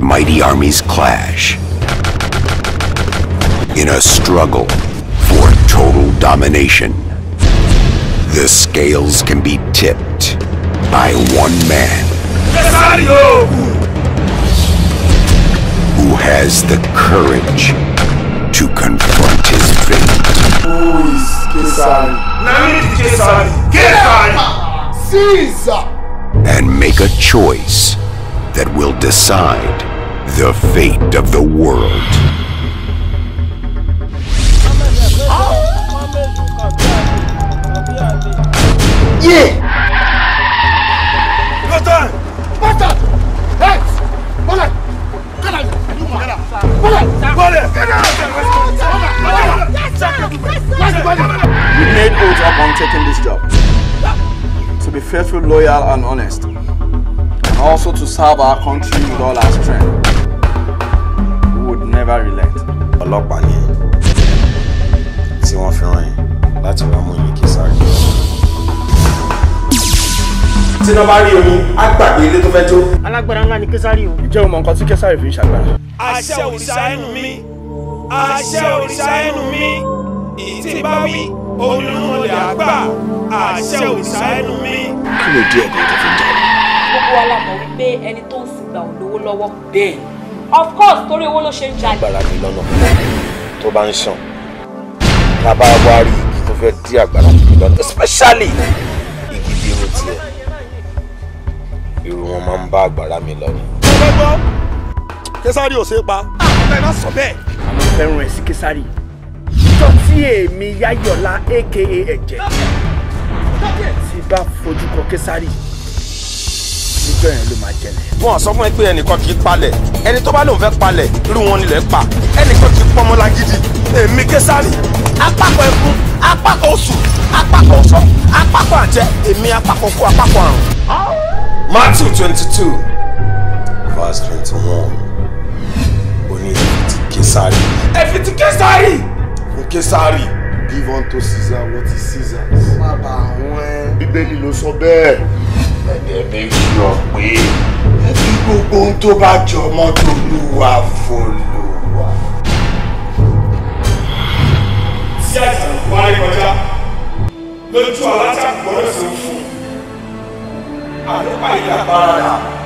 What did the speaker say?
mighty armies clash in a struggle for total domination. The scales can be tipped by one man. Who has the courage to confront his fate. Who is Kesari? Kesari! Kesari! Caesar! And make a choice that will decide the fate of the world. Yeah! Bastard! Bastard! Hey! made oath upon taking this job. To be faithful, loyal, and honest. also to serve our country with all our strength. We would never relent. ọlọ́pàá ni tí wọ́n fi rán yín láti wá mú yín kí sáré. tí iná bá rí oyin á gbàgbé ilé tó fẹ́ jó. alágbára ńlá ni késàrì o. ǹjẹ́ o mọ nǹkan tí késàrì fi ń ṣàgbára. àṣẹ òrìṣà ẹnu mi àṣẹ òrìṣà ẹnu mi ìtì bá wí onírúurú àgbà àṣẹ òrìṣà ẹnu mi. kí ló dé ẹ̀dùn tó fi ń jà wọ́n. gbogbo alamọ̀ pé ẹni tó ń sìgbà ò lówó lọ́wọ́. bẹ́ẹ̀ of course torí owó ló ṣe ń jalè. gbàrà mi lọ́nà tó bá ń ṣàn tá a bá wá rí igi tó fẹ́ dí àgbàrá mi lọ́nà especially igi bí irun tiẹ̀ irú wọn máa ń bá àgbàrá mi lọ́nà. ọ̀rẹ́ gbọ́ kẹsàrì ò ṣe é pa. àwọn ah, ẹ̀rọ sọ bẹ́ẹ̀. àwọn fẹ́ràn ẹ̀ sí kẹsàrì ìjọ tí èmi yáyọ̀lá aka ẹ̀jẹ̀ ti bá fojú kọ kẹsàrì níjọ́ yẹn ló máa jẹlẹ̀. wọn sọ fún ẹ pé ẹnìkan kì í palẹ̀ ẹni tó bá lóun fẹ́ palẹ̀ irú wọn nílẹ̀ pa ẹnìkan kì í pọmọ lágídí èmi késàrì apákọ̀ ẹkún apákọ̀ oṣù apákọ̀ ọ̀ṣọ́ apákọ̀ àjẹ́ èmi apákọ̀ kú apákọ̀ àrùn. Matthew twenty two verse twenty one ó ní ẹ̀fìtì késàrì. ẹ̀fìtì késàrì. fún késàrì. give unto Caesar what is Caesar's. má bàa wọn ẹ. bíbélì ló sọ bẹ́ẹ̀ dẹ̀mí fi hàn pé bí gbogbo ohun tó bá jọ mọ́tò olúwa fòlùwà. tí àìsàn wá rí kọjá lójú alájà gbọ́dọ̀ sí fún un àlọ́pàá ìyá bá rà.